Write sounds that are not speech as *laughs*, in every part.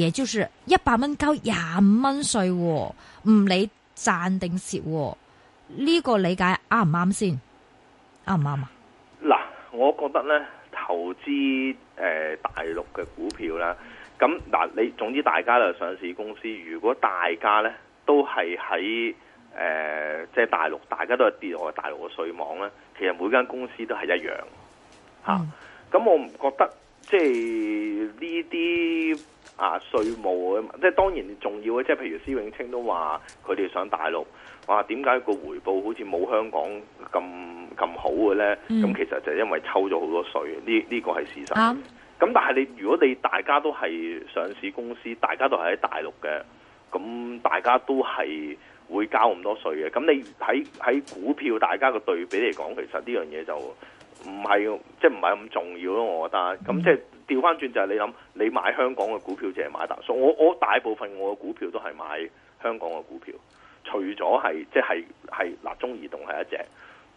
也就是一百蚊交廿五蚊稅，唔理賺定蝕，呢、這個理解啱唔啱先？啱唔啱啊？嗱，我覺得呢投資、呃、大陸嘅股票啦，咁嗱，你總之大家都係上市公司，如果大家呢都係喺誒即係大陸，大家都係跌落去大陸嘅稅網呢，其實每間公司都係一樣，吓、嗯啊。咁我唔覺得即係呢啲。啊，稅務啊，即係當然重要嘅。即係譬如施永青都話，佢哋上大陸，哇點解個回報好似冇香港咁咁好嘅咧？咁、嗯、其實就係因為抽咗好多稅，呢呢、呢個係事實。咁、啊、但係你如果你大家都係上市公司，大家都係喺大陸嘅，咁大家都係會交咁多稅嘅。咁你喺喺股票大家嘅對比嚟講，其實呢樣嘢就唔係即係唔係咁重要咯。我覺得咁即係。調翻轉就係你諗，你買香港嘅股票淨係買大數。所以我我大部分我嘅股票都係買香港嘅股票，除咗係即係係嗱，中移動係一隻，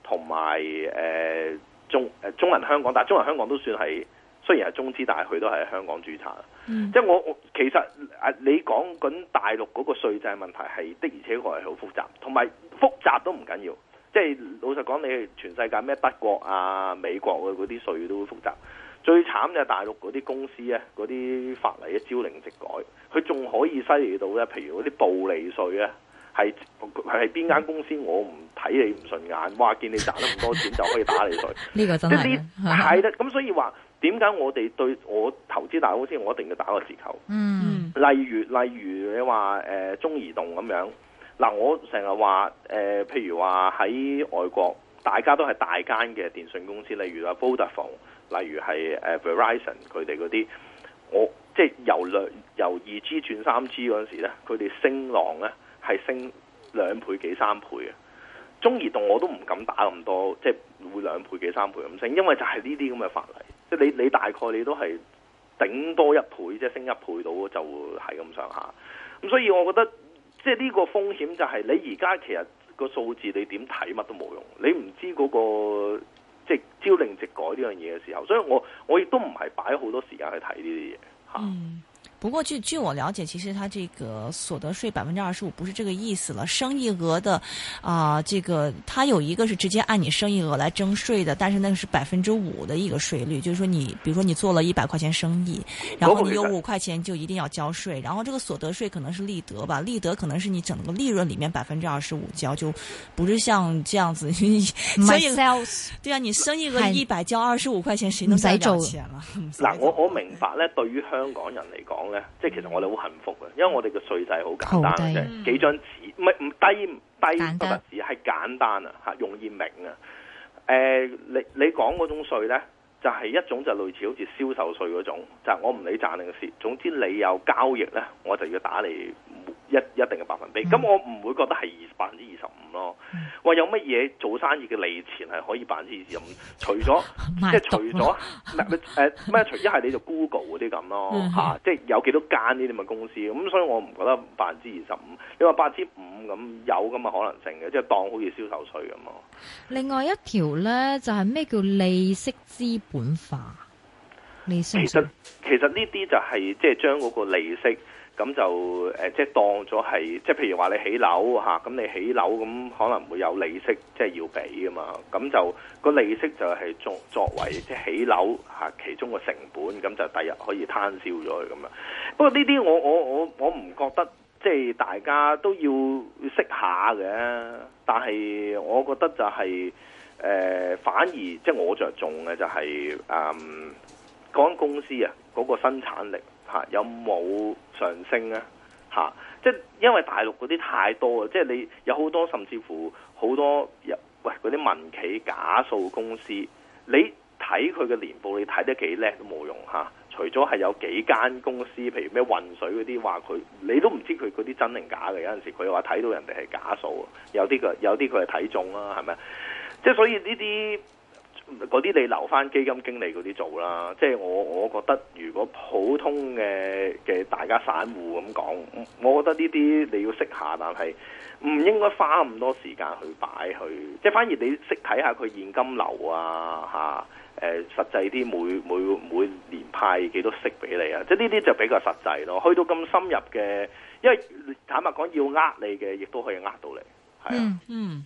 同埋誒中誒、呃、中銀香港。但係中銀香港都算係雖然係中資，但係佢都係香港註冊。即係、嗯、我我其實誒你講緊大陸嗰個稅制問題係的而且確係好複雜，同埋複雜都唔緊要。即、就、係、是、老實講，你全世界咩德國啊、美國啊嗰啲稅都會複雜。最慘就係大陸嗰啲公司咧，嗰啲法例一朝令夕改，佢仲可以犀利到咧。譬如嗰啲暴利稅啊，係係邊間公司我唔睇你唔順眼，哇！見你賺得咁多錢就可以打你稅。呢 *laughs* 個真係係。咁所以話，點解我哋對我投資大公司，我一定要打個折扣。嗯，例，例如例如你話誒、呃、中移動咁樣，嗱、呃、我成日話誒，譬如話喺外國大家都係大間嘅電信公司，例如啊 Vodafone 例如係誒、uh, Verizon 佢哋嗰啲，我即係由兩由二 G 轉三 G 嗰陣時咧，佢哋升浪咧係升兩倍幾三倍啊。中移動我都唔敢打咁多，即係會兩倍幾三倍咁升，因為就係呢啲咁嘅法例。即係你你大概你都係頂多一倍啫，即升一倍到就係咁上下。咁所以我覺得即係呢個風險就係你而家其實個數字你點睇乜都冇用，你唔知嗰、嗰個。朝令夕改呢樣嘢嘅時候，所以我我亦都唔係擺好多時間去睇呢啲嘢吓。嗯不過據據，據我了解，其實他這個所得稅百分之二十五不是這個意思了。生意額的啊、呃，這個他有一個是直接按你生意額來徵稅的，但是那個是百分之五的一個稅率。就是說你，你比如說你做了一百塊錢生意，然後你有五塊錢就一定要交稅。然後這個所得稅可能是利得吧，利得可能是你整個利潤裏面百分之二十五交，就不是像這樣子。你 Myself，所以對啊，你生意額一百交二十五塊錢，是誰能到錢了做了？那我我明白，對於香港人來講。即係其實我哋好幸福嘅，因為我哋嘅稅制好簡單嘅啫，弟幾張紙，唔係唔低唔低嘅紙係簡單啊，嚇容易明啊。誒、呃，你你講嗰種稅咧，就係、是、一種就類似好似銷售稅嗰種，就係、我唔理賺定蝕。總之你有交易咧，我就要打你。一一定嘅百分比，咁我唔會覺得係百分之二十五咯。話、嗯、有乜嘢做生意嘅利錢係可以百分之二十五？除咗毒即係除咗咩、 *laughs* 呃？除一係你就 Google 嗰啲咁咯，吓！即係有幾多間呢啲咁嘅公司咁，所以我唔覺得百分之二十五。你話百分之五咁有咁嘅可能性嘅，即係當好似銷售稅咁咯。另外一條咧就係、是、咩叫利息資本化？其實其實呢啲就係即係將嗰個利息咁就誒即係當咗係即係譬如話你起樓吓咁你起樓咁可能會有利息即係、就是、要俾啊嘛咁就個利息就係作作為即係、就是、起樓吓、啊、其中個成本咁、啊、就第日可以攤銷咗去咁樣。不過呢啲我我我我唔覺得即係、就是、大家都要識下嘅，但係我覺得就係、是、誒、呃、反而即係、就是、我着重嘅就係、是嗯。講公司啊，嗰、那個生產力嚇、啊、有冇上升咧、啊？嚇、啊，即係因為大陸嗰啲太多啊，即係你有好多甚至乎好多有喂嗰啲民企假數公司，你睇佢嘅年報，你睇得幾叻都冇用嚇、啊。除咗係有幾間公司，譬如咩渾水嗰啲話佢，你都唔知佢嗰啲真定假嘅。有陣時佢話睇到人哋係假數，有啲佢有啲佢係睇中啦、啊，係咪？即係所以呢啲。嗰啲你留翻基金經理嗰啲做啦，即係我，我覺得如果普通嘅嘅大家散戶咁講，我覺得呢啲你要識下，但係唔應該花咁多時間去擺去，即係反而你識睇下佢現金流啊嚇，誒實際啲每每每年派幾多息俾你啊，即係呢啲就比較實際咯。去到咁深入嘅，因為坦白講要呃你嘅，亦都可以呃到你，係啊。嗯嗯。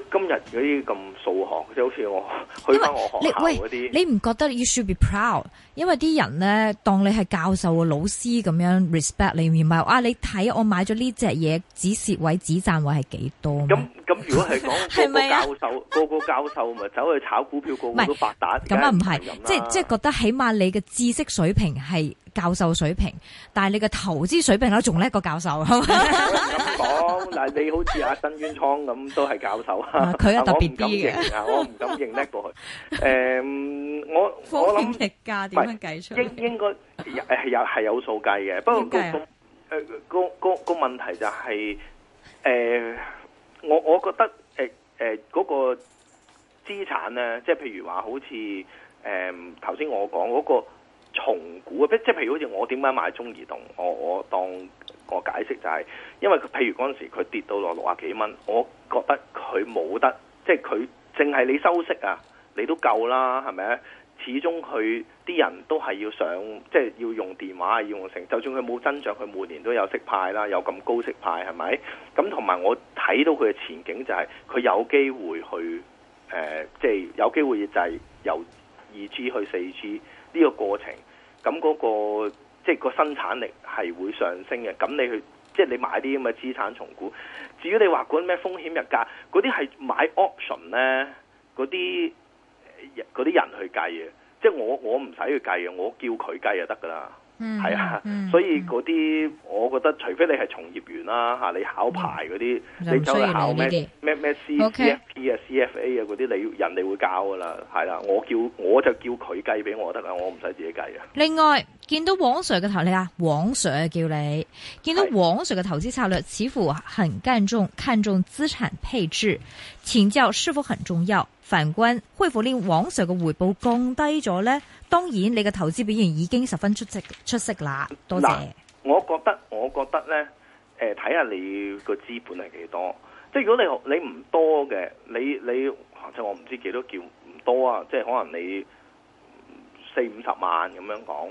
今日嗰啲咁數學，即好似我開翻我學校嗰啲，你唔覺得 you should be proud？因為啲人咧當你係教授嘅老師咁樣 respect 你，唔係啊，你睇我買咗呢隻嘢，止蝕位止賺位係幾多嗎？嗯咁 *laughs* 如果係講係咪教授個個教授咪走、啊、 *laughs* 去炒股票個個都發達，咁啊唔係，即係即係覺得起碼你嘅知識水平係教授水平，但係你嘅投資水平咧仲叻過教授。咁講，但係你好似阿新冤倉咁都係教授。佢係特別啲嘅，我唔敢認叻過佢。誒、 *laughs* 呃，我我諗價點樣計出？應該應該係有，有數計嘅，不過、啊呃、個，個，個，個問題就係、是、誒。呃我我覺得誒誒嗰個資產咧，即係譬如話好似誒頭先我講嗰個重估啊，即係譬如好似我點解買中移動，我我當我解釋就係因為譬如嗰陣時佢跌到落六十幾蚊，我覺得佢冇得，即係佢淨係你收息啊，你都夠啦，係咪？始終佢啲人都係要上，即、就、係、是、要用電話啊，要用成。就算佢冇增長，佢每年都有息派啦，麼息派那有咁高息派係咪？咁同埋我睇到佢嘅前景就係、是、佢有機會去誒，即、呃、係、就是、有機會就係由二 G 去四 G 呢個過程。咁嗰、那個即係、就是、個生產力係會上升嘅。咁你去即係、就是、你買啲咁嘅資產重估。至於你話管咩風險溢價，嗰啲係買 option 咧，嗰啲。嗰啲人去計嘅，即係我我唔使去計嘅，我叫佢計就得噶啦。嗯，係啊，嗯、所以嗰啲，嗯、我覺得除非你係從業員啦、啊、嚇，你考牌嗰啲，這些你走去考咩咩咩 C okay、FP 啊、CFA 啊嗰啲，你人哋會教噶啦，係啦、啊，我叫我就叫佢計俾我得啦，我唔使自己計啊。另外，見到王 Sir 嘅頭呢，王 Sir 叫你見到王 Sir 嘅投資策略，似乎很重看重看重資產配置，請教是否很重要？反觀會否令王 Sir 嘅回報降低咗呢？當然，你嘅投資表現已經十分出色出色啦。多謝。我覺得，我覺得咧，呃、睇下你個資本係幾多？即係如果你你唔多嘅，你的你即係我唔知幾多叫唔多啊？即係可能你四五十萬咁樣講，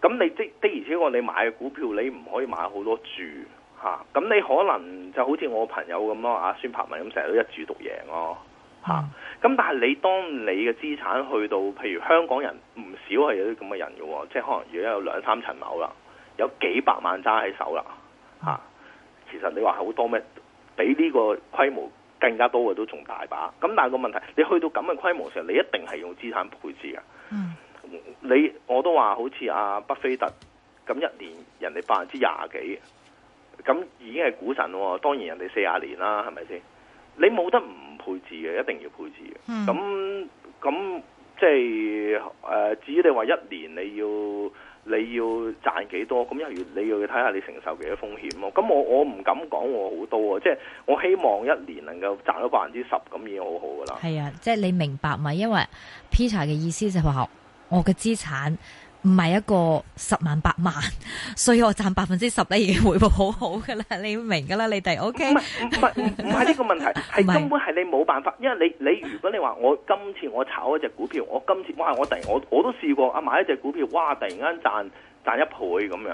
咁你即的而且確你買嘅股票，你唔可以買好多注嚇。咁、啊、你可能就好似我朋友咁咯，阿、啊、孫柏文咁成日都一注獨贏咯、哦。嚇！咁、嗯、但係你當你嘅資產去到，譬如香港人唔少係有啲咁嘅人嘅喎，即係可能而家有兩三層樓啦，有幾百萬揸喺手啦，嚇、嗯！其實你話好多咩？比呢個規模更加多嘅都仲大把。咁但係個問題，你去到咁嘅規模時候，你一定係用資產配置嘅。嗯。你我都話好似阿、啊、巴菲特咁一年人哋百分之廿幾，咁已經係股神喎。當然人哋四十年啦，係咪先？你冇得唔配置嘅，一定要配置嘅。咁咁即係誒，至於你話一年你要你要賺幾多？咁一如你要去睇下你承受幾多風險咯。咁我我唔敢講我好多喎啊，即係我希望一年能夠賺到百分之十，咁已經好好噶啦。係啊，即係你明白嘛？因為 Peter 嘅意思就係話我嘅資產。唔係一個十萬八萬，所以我賺百分之十咧已經回報好好噶啦，你明噶啦，你哋 OK？唔係唔係唔係呢個問題，係 *laughs* 根本係你冇辦法，因為你你如果你話我今次我炒一隻股票，我今次哇我突然我我都試過啊買一隻股票哇突然間賺。賺一倍咁樣，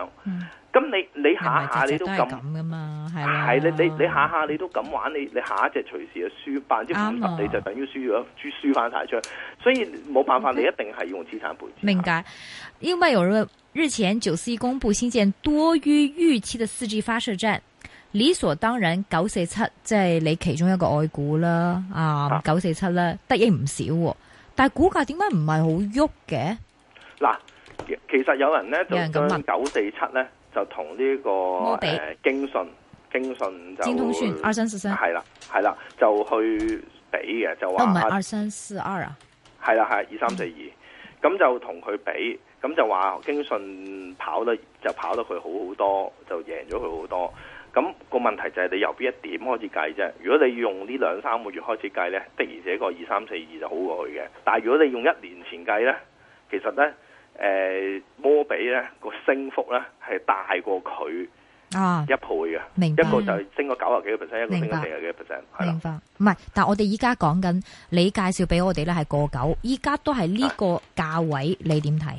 咁、嗯、你你下下你都咁噶嘛？係係、啊、你你你下下你都咁玩，你你下一隻隨時就輸，百分之五十你就等於輸咗，啊、輸翻大張，所以冇辦法，Okay. 你一定係用資產配置。明白，的因為日日前九四一公布新建多於預期的四 G 發射站，理所當然九四七即係你其中一個外股啦，啊九四七啦得益唔少，但係股價點解唔係好喐嘅？嗱。其實有人咧就將九四七咧就同呢、這個京信京信就京信通訊二三四三係啦係啦就去比嘅，就話都唔係二三四二啊，係啦係二三四二咁、嗯、就同佢比咁，就話京信跑得就跑得佢好好多，就贏咗佢好多。咁、那個問題就係你由邊一點開始計啫？如果你用呢兩三個月開始計咧，的而且確二三四二就好過佢嘅。但係如果你用一年前計咧，其實咧。誒、哎，摩比咧個升幅咧係大過佢啊一倍嘅，啊，一個就升過九十幾個 percent，一個升過四十幾個 percent。明白唔係吧，但係我哋依家講緊，你介紹俾我哋咧係過九，依家都係呢個價位，啊、你點睇？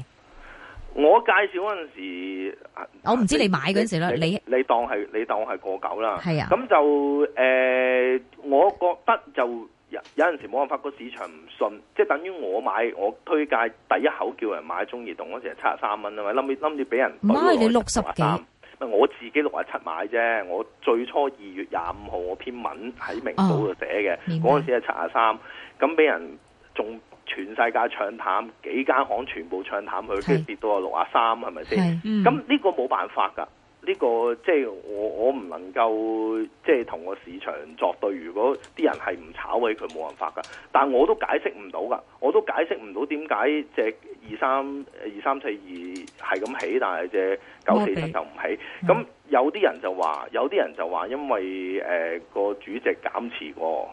我介紹嗰陣時，我唔知你買嗰陣時啦，你你，你當係你當係過九啦。係啊，咁就誒、呃，我覺得就。有有陣時冇辦法，個市場唔信，即係等於我買，我推介第一口叫人買中移動，中移動嗰陣時係七十三蚊啊嘛，諗住諗住俾人，唔係你六十嘅，唔係我自己六啊七買啫。我最初二月廿五號我篇文喺明報度寫嘅，嗰陣、哦、時係七十三，咁俾人仲全世界唱淡，幾間行全部唱淡佢跟住跌到係六啊三，係咪先？咁呢、嗯、個冇辦法㗎。呢、這個即係我我唔能夠即係同個市場作對。如果啲人係唔炒起，佢冇辦法㗎。但我都解釋唔到㗎，我都解釋唔到點解隻二三二三四二係咁起，但係隻九四七就唔起。咁麼有啲人就話，有啲人就話，因為誒個、呃、主席減持過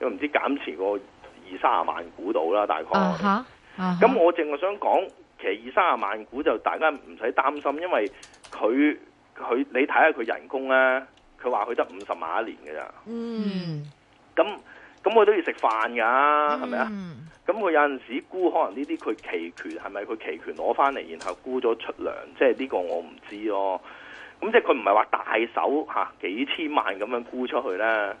因為唔知減持過二三十萬股到啦，大概。啊咁、uh huh, uh huh. 我淨係想講，其實二三十萬股就大家唔使擔心，因為佢。佢你睇下佢人工咧，佢話佢得五十萬一年嘅咋，嗯，咁咁佢都要食飯噶，係咪啊？咁佢、嗯、有陣時沽，可能呢啲佢期權，係咪佢期權攞翻嚟，然後沽咗出糧？即係呢個我唔知咯。咁即係佢唔係話大手嚇、啊、幾千萬咁樣沽出去咧。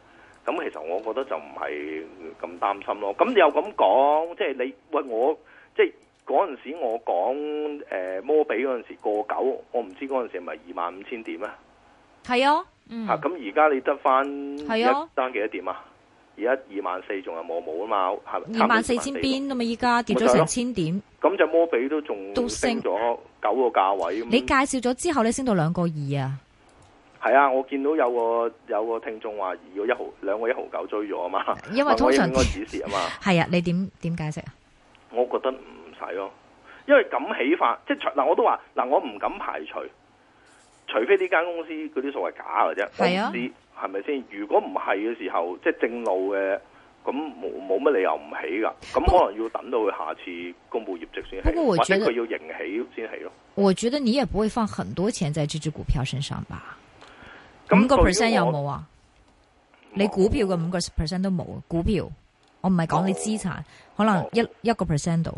咁其實我覺得就唔係咁擔心咯。咁你又咁講，即係你喂我即係。嗰陣時我講誒、呃、摩比嗰陣時過九，我唔知嗰陣時係咪二萬五千點啊？係啊，嗯。咁而家你得翻係啊？爭幾多點啊？而家二萬四仲係冇冇啊嘛？二萬四千邊啊嘛？依家跌咗成千點。咁就、嗰個、摩比都仲升咗九個價位。你介紹咗之後，你升到兩個二啊？係啊，我見到有個有個聽眾話，如果一毫兩個一毫九追咗啊嘛。因為通常應該指示 *laughs* 係啊，你點點解釋啊？我覺得。睇咯，因為咁起法，即係嗱，我都話嗱，我唔敢排除，除非呢間公司嗰啲數係假嘅啫。係啊，係咪先？如果唔係嘅時候，即係正路嘅，咁冇冇乜理由唔起噶？咁可能要等到佢下次公布業績先。不過我覺得佢要盈起先起咯。我覺得你也不會放很多錢在這隻股票身上吧？五個 percent 有冇啊？嗯、你股票嘅五個 percent 都冇啊？股票我唔係講你資產，哦、可能一一個 percent 度。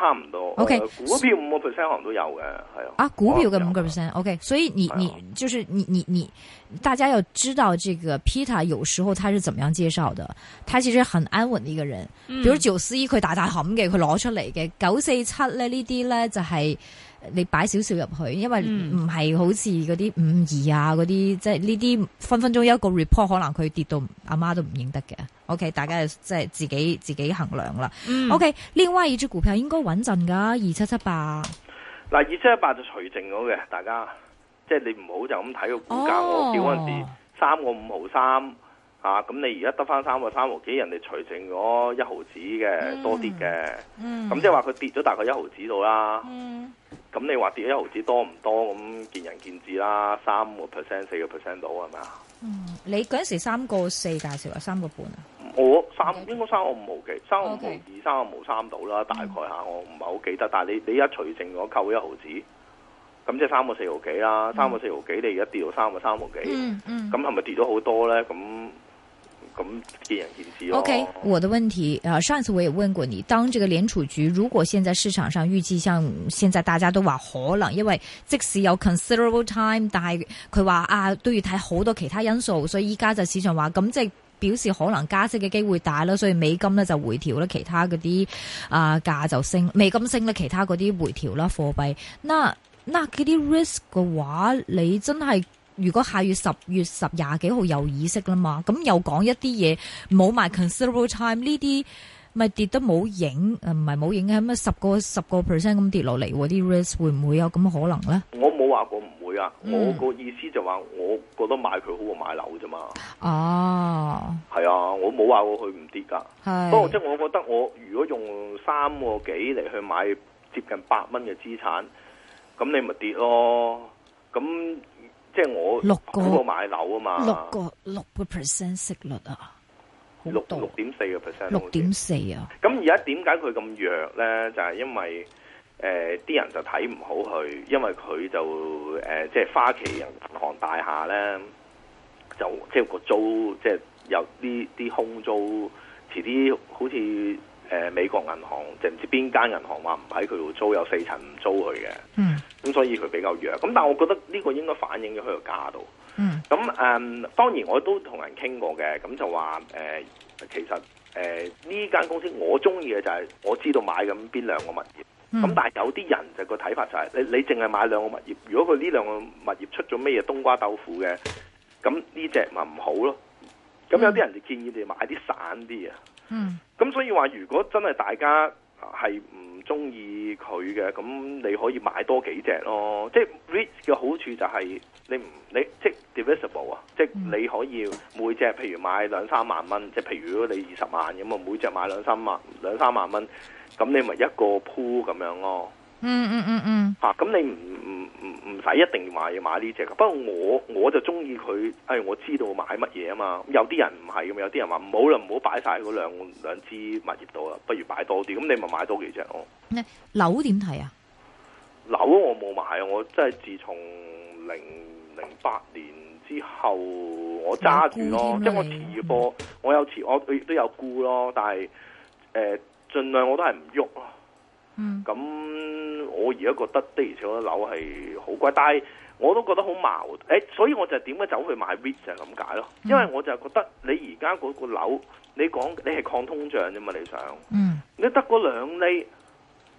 差唔多，OK、哦、股票五個 percent 可能都有嘅，係啊。啊，股票嘅五個 percent，OK，所以你、嗯、你就是你你你，大家要知道這個 Peter 有時候他是怎麼樣介紹的，他其實很安穩的一個人，嗯、比如九四一佢大大冚嘅，佢攞出嚟嘅九四七咧呢啲咧就係、是。你擺少少入去，因為唔係好似嗰啲五二啊，嗰啲、嗯、即係呢啲分分鐘一個 report 可能佢跌到阿媽都唔認得嘅。OK，大家就即係自己自己衡量啦。嗯、OK，另外二隻股票應該穩陣噶，二七七八。嗱、啊，二七七八就除剩咗嘅，大家即係你唔好就咁睇個股價。我叫嗰陣時三個五毫三，咁你而家得翻三個三毫幾，人哋除剩咗一毫紙嘅多啲嘅，咁、嗯、即係話佢跌咗大概一毫紙度啦。嗯咁你話跌一毫子多唔多，咁見仁見智啦，三個 percent 四個 percent 到係咪啊？嗯，你嗰陣時三個四嗰時話，三個半啊？我三應該三個五毫幾，三個五毫二三個五毫三到啦，大概吓 Okay. 我唔係好記得。但係你你一除淨咗扣一毫子，咁即係三個四毫幾啦，三個四毫幾你而家跌到三個三毫幾，咁係咪跌咗好多咧？咁咁見仁見智、哦、O、okay, K，我的問題啊，上一次我也問過你，當這個聯儲局如果現在市場上預計，像現在大家都話可能，因為即使有 considerable time，但係佢話啊都要睇好多其他因素，所以依家就市場話，咁即係表示可能加息嘅機會大啦，所以美金呢就回調啦，其他嗰啲啊價就升，美金升咧其他嗰啲回調啦，貨幣。嗱，嗱，嗰啲 risk 嘅話，你真係？如果下月 ,10 月10二十月十廿幾號有意識啦嘛，咁又講一啲嘢冇賣 considerable time，呢啲咪跌得冇影啊？唔係冇影嘅咩，十個十個 percent 咁跌落嚟喎，啲 risk 會唔會有咁嘅可能咧？我冇話過唔會啊，嗯、我個意思就話我覺得買佢好過買樓啫嘛。哦、啊，係啊，我冇話過佢唔跌噶。不過即係我覺得我如果用三個幾嚟去買接近八蚊嘅資產，咁你咪跌咯，咁。即係我，佢冇買樓啊嘛六，六個六個 percent 息率啊，六六點四個 percent，六點四啊。咁而家點解佢咁弱咧？就係、是、因為誒啲、呃、人就睇唔好佢，因為佢就誒即係花旗銀行大廈咧，就即係、就是、個租即係、就是、有啲啲空租，遲啲好似。誒、呃、美國銀行即唔知邊間銀行話唔喺佢度租，有四層唔租佢嘅，嗯，咁、嗯、所以佢比較弱。咁但係我覺得呢個應該反映咗佢個價度，嗯。咁誒、嗯、當然我都同人傾過嘅，咁、嗯、就話誒、呃、其實誒呢間公司我中意嘅就係我知道買緊邊兩個物業，咁、嗯、但係有啲人就個睇法就係、是、你你淨係買兩個物業，如果佢呢兩個物業出咗咩嘢冬瓜豆腐嘅，咁呢隻咪唔好咯。咁有啲人就建議你買啲散啲啊。嗯。嗯，咁所以話如果真係大家係唔中意佢嘅，咁你可以買多幾隻咯。即係 REIT 嘅好處就係你唔你，你、就是、ible, 即係 divisible 啊，即係你可以每隻譬如買兩三萬蚊，即係譬如你二十萬咁啊，每隻買兩三萬兩三萬蚊，咁你咪一個 pool 咁樣咯。嗯嗯嗯嗯，吓、嗯、咁、嗯啊、你唔唔唔唔使一定要買買呢隻噶，不過我我就中意佢，誒、哎、我知道買乜嘢啊嘛，有啲人唔係咁，有啲人話唔好啦，唔好擺晒嗰兩兩支物業度啦，不如擺多啲，咁你咪買多幾隻哦。樓點睇啊？樓我冇買啊，我真係自從零零八年之後，我揸住咯，即係我持貨，嗯，我有持，我都有沽咯，但係誒盡量我都係唔喐咯。咁、嗯嗯嗯、我而家覺得我的而且確樓係好貴，但係我都覺得好矛盾。所以我就點解走去買 REITs 就係咁解咯。嗯、因為我就覺得你而家嗰個樓，你講你係抗通脹啫嘛，你想，嗯、你得嗰兩厘，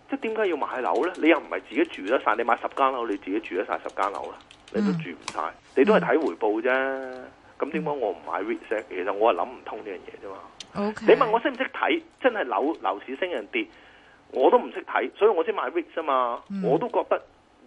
即係點解要買樓呢？你又唔係自己住得晒，你買十間樓，你自己住得晒十間樓啦、嗯，你都住唔晒，你都係睇回報啫。咁點解我唔買 REITs？其實我係諗唔通呢樣嘢啫嘛。Okay. 你問我識唔識睇？真係樓樓市升人跌。我都唔識睇，所以我先買 Vix 啊嘛！嗯、我都覺得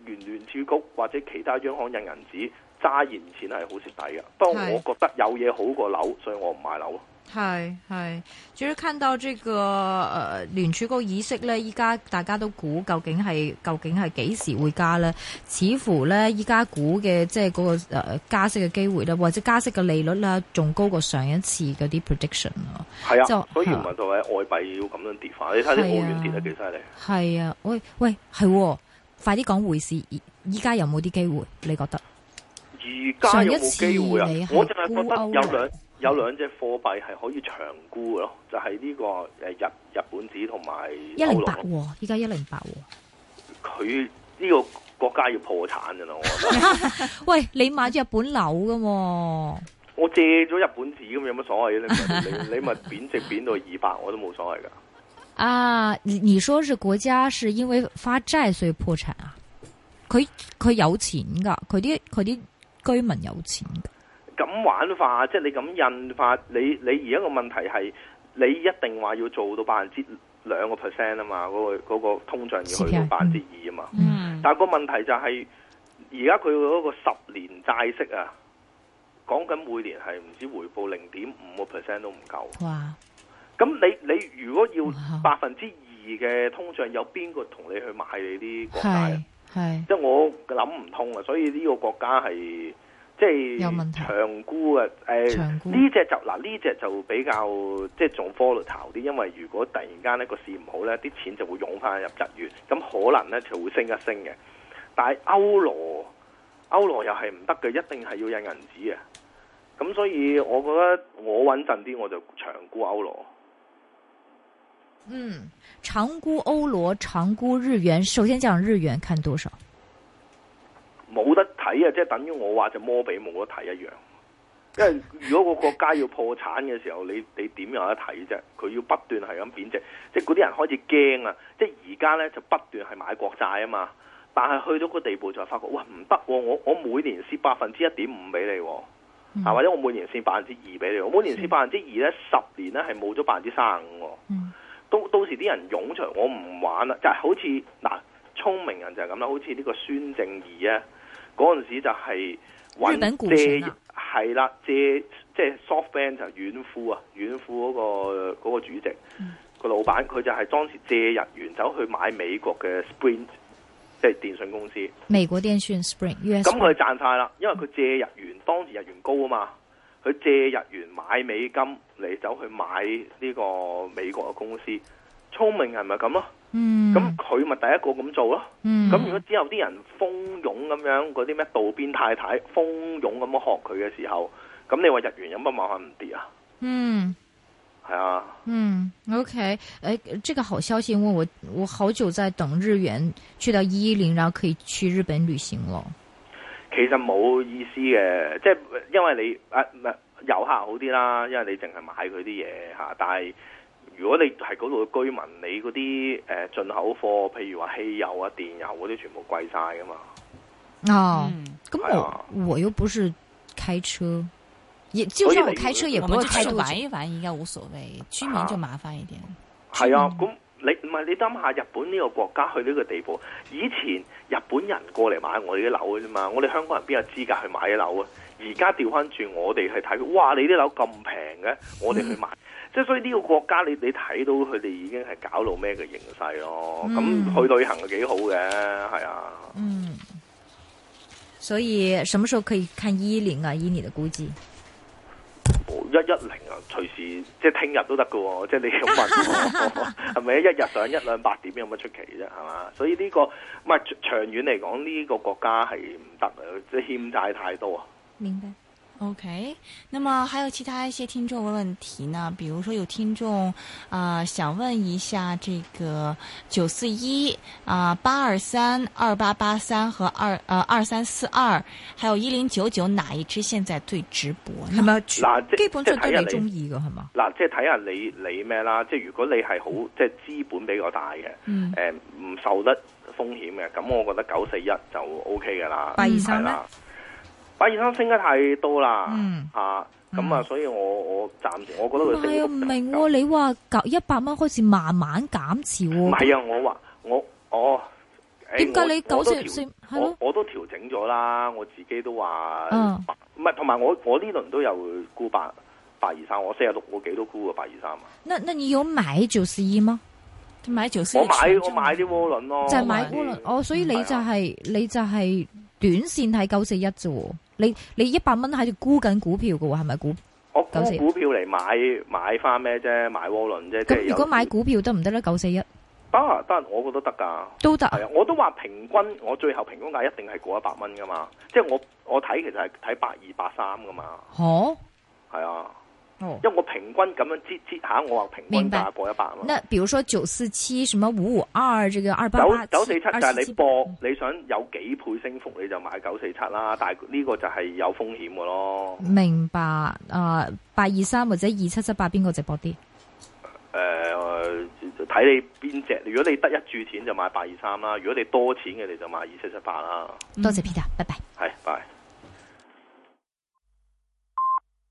元聯儲局或者其他央行印銀紙揸現錢係好蝕底嘅，不過我覺得有嘢好過樓，所以我唔買樓咯。係係，主要看到這個誒聯儲局議息咧，依家大家都估究竟係究竟係幾時會加咧？似乎咧依家估嘅即係嗰個誒加息嘅機會咧，或者加息嘅利率咧，仲高過上一次嗰啲 prediction 咯。係啊，所以唔係話外幣要咁樣跌法，你睇下啲澳元跌得幾犀利。係啊，喂喂，係，快啲講回事。依家有冇啲機會？你覺得？而家有冇機會我真係覺得又有兩隻貨幣係可以長沽嘅咯，就係、是、呢個誒日日本紙同埋一零八，依家一零八。佢呢、這個國家要破產嘅啦！我 *laughs* 喂，你買咗日本樓嘅？我借咗日本紙咁有乜所謂你你咪貶，貶值貶到二百我都冇所謂噶。啊、 *laughs* uh，你說是國家是因為發債所以破產啊？佢佢有錢噶，佢啲佢啲居民有錢噶。咁玩法，即係你咁印法，你你而家個問題係，你一定話要做到百分之兩個 percent 啊嘛，嗰、嗰個嗰、嗰個、通脹要去到百分之二啊嘛。嗯。嗯但係個問題就係、係，而家佢嗰個十年債息啊，講緊每年係唔止回報零點五個 percent 都唔夠。哇！咁你你如果要百分之二嘅通脹，有邊個同你去買你啲國債啊？係，即係我諗唔通啊，所以呢個國家係。即係長沽啊！誒，呢隻就嗱，呢隻就比較即係仲科率頭啲，因為如果突然間呢個市唔好咧，啲錢就會湧翻入日元，咁可能咧就會升一升嘅。但係歐羅，歐羅又係唔得嘅，一定係要印銀紙啊！咁所以我覺得我穩陣啲，我就長沽歐羅。嗯，長沽歐羅，長沽日元。首先講日元，看多少。冇得睇啊！即係等於我話就魔比冇得睇一樣。因為如果個國家要破產嘅時候，你你點有得睇啫？佢要不斷係咁貶值，即係嗰啲人開始驚啊！即係而家呢，就不斷係買國債啊嘛。但係去到個地步就發覺，嘩唔得！我我每年蝕百分之一點五俾你，啊，嚇、嗯、或者我每年蝕百分之二俾你，啊。我每年蝕百分之二呢，十年呢，係冇咗百分之三十五。到到時啲人湧出嚟，我唔玩啦。就係、是、好似嗱，聰明人就係咁啦，好似呢個孫正義啊。嗰陣時就係還借係啦、啊，借即係 soft bank 就係軟庫啊，軟庫嗰、嗰個嗰個主席個、嗯、老闆，佢就係當時借日元走去買美國嘅 Sprint，即係電訊公司。美國電訊 Sprint，咁佢賺晒啦，因為佢借日元，當時日元高啊嘛，佢借日元買美金嚟走去買呢個美國嘅公司，聰明係咪咁啊？咁佢咪第一個咁做咯？咁、嗯、如果之後啲人蜂擁咁樣嗰啲咩渡邊太太蜂擁咁樣學佢嘅時候，咁你話日元有乜辦法唔跌啊？嗯，係啊。嗯，OK，誒、欸，呢個好消息問我，因為我我好久在等日元去到一一零，然後可以去日本旅行咯。其實冇意思嘅，即係因為你誒遊、呃呃、客好啲啦，因為你淨係買佢啲嘢吓，但係。如果你係嗰度嘅居民，你嗰啲誒進口貨，譬如話汽油啊、電油嗰啲，全部貴晒㗎嘛。哦，咁、嗯啊、我我又不是開車，也就算我開車，也不會出去玩一玩，應該無所謂。居民就麻煩一點。係啊，咁民、啊、你唔係你諗下日本呢個國家去呢個地步，以前日本人過嚟買我哋啲樓嘅啫嘛，我哋香港人邊有資格去買啲樓啊？而家調翻轉，我哋去睇，哇！你啲樓咁平嘅，我哋去買，嗯。即係所以呢個國家，你你睇到佢哋已經係搞到咩嘅形勢咯，咁、嗯、去旅行啊幾好嘅係啊。嗯，所以什麼時候可以看一一零啊？以你嘅估計？一一零啊，隨時即係聽日都得㗎，即係你咁問，係咪一日上一兩百點有乜出奇啫？係嘛？所以呢、呢個唔係長遠嚟講呢個國家係唔得啊，即係欠債太多啊。明白。OK，那麼還有其他一些聽眾的問題呢？比如說有聽眾啊、呃、想問一下，這個九四一啊八二三二八八三和二呃二三四二，42, 還有一零九九，哪一支現在最直播呢？呢那嗱，啦全即係基本上睇下你中意嘅係嘛？嗱，即係睇下你你咩吧啦？即係如果你係好、嗯、即係資本比較大嘅，誒唔、嗯呃、受得風險嘅，咁我覺得九四一就 OK 嘅啦。八二三咧？八二三升得太多啦，吓咁啊！所以我我暫時我覺得佢唔唔明你話一百蚊開始慢慢減持喎。唔係啊，我話我我點解你九四一？我都調整咗啦，我自己都話，唔係同埋我我呢輪都有沽八八二三，我四十六個幾都沽個八二三啊。那那你要買做四二嗎？買做四一？我買我買啲窩輪咯，就係買窩輪哦。所以你就係你就係短線喺九四一啫。你你一百蚊喺度沽緊股票嘅喎，係咪沽？我沽股票嚟買買翻咩啫？買窩輪啫。咁如果買股票得唔得咧？九四一？啊，得，我覺得得噶，都得行。係啊，我都話平均，我最後平均價一定係過一百蚊噶嘛。即係我我睇其實係睇八二八三噶嘛。哦，係啊。是因為我平均咁樣折折下，我話平均價過一百咯。嗱，比如說九四七、什麼五五二，這個二八八九四七，就係你博，你想有幾倍升幅，你就買九四七啦。但係呢個就係有風險嘅咯。明白，誒、呃，八二三或者二七七八，邊、呃、個值博啲？誒，睇你邊隻。如果你得一注錢就買八二三啦，如果你多錢嘅你就買二七七八啦。多謝 Peter，拜拜。係，拜。